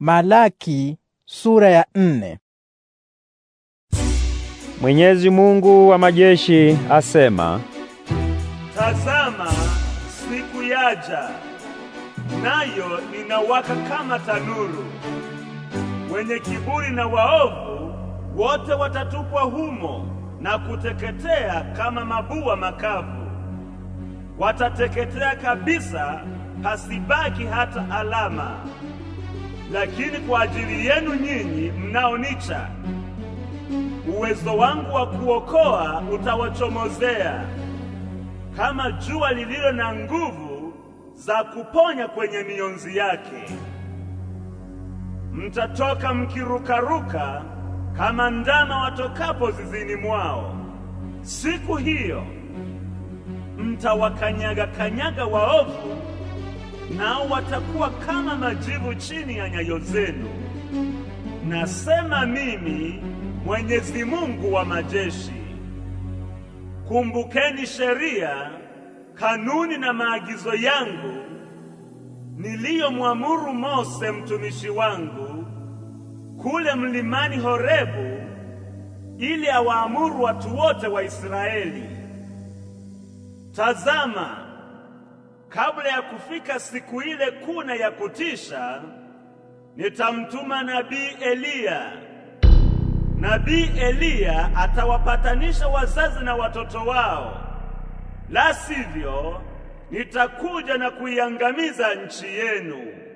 Malaki sura ya nne. Mwenyezi Mungu wa majeshi asema, Tazama siku yaja, nayo ninawaka kama tanuru. Wenye kiburi na waovu wote watatupwa humo na kuteketea kama mabua makavu. Watateketea kabisa, pasibaki hata alama lakini kwa ajili yenu nyinyi mnaonicha, uwezo wangu wa kuokoa utawachomozea kama jua lililo na nguvu za kuponya kwenye mionzi yake. Mtatoka mkirukaruka kama ndama watokapo zizini mwao. Siku hiyo mtawakanyaga kanyaga waovu nao watakuwa kama majivu chini ya nyayo zenu. Nasema mimi Mwenyezi Mungu wa majeshi. Kumbukeni sheria, kanuni na maagizo yangu niliyomwamuru Mose mtumishi wangu kule mlimani Horebu, ili awaamuru watu wote wa Israeli. Tazama, kabla ya kufika siku ile kuna ya kutisha, nitamtuma nabii Eliya. Nabii Eliya atawapatanisha wazazi na watoto wao, la sivyo nitakuja na kuiangamiza nchi yenu.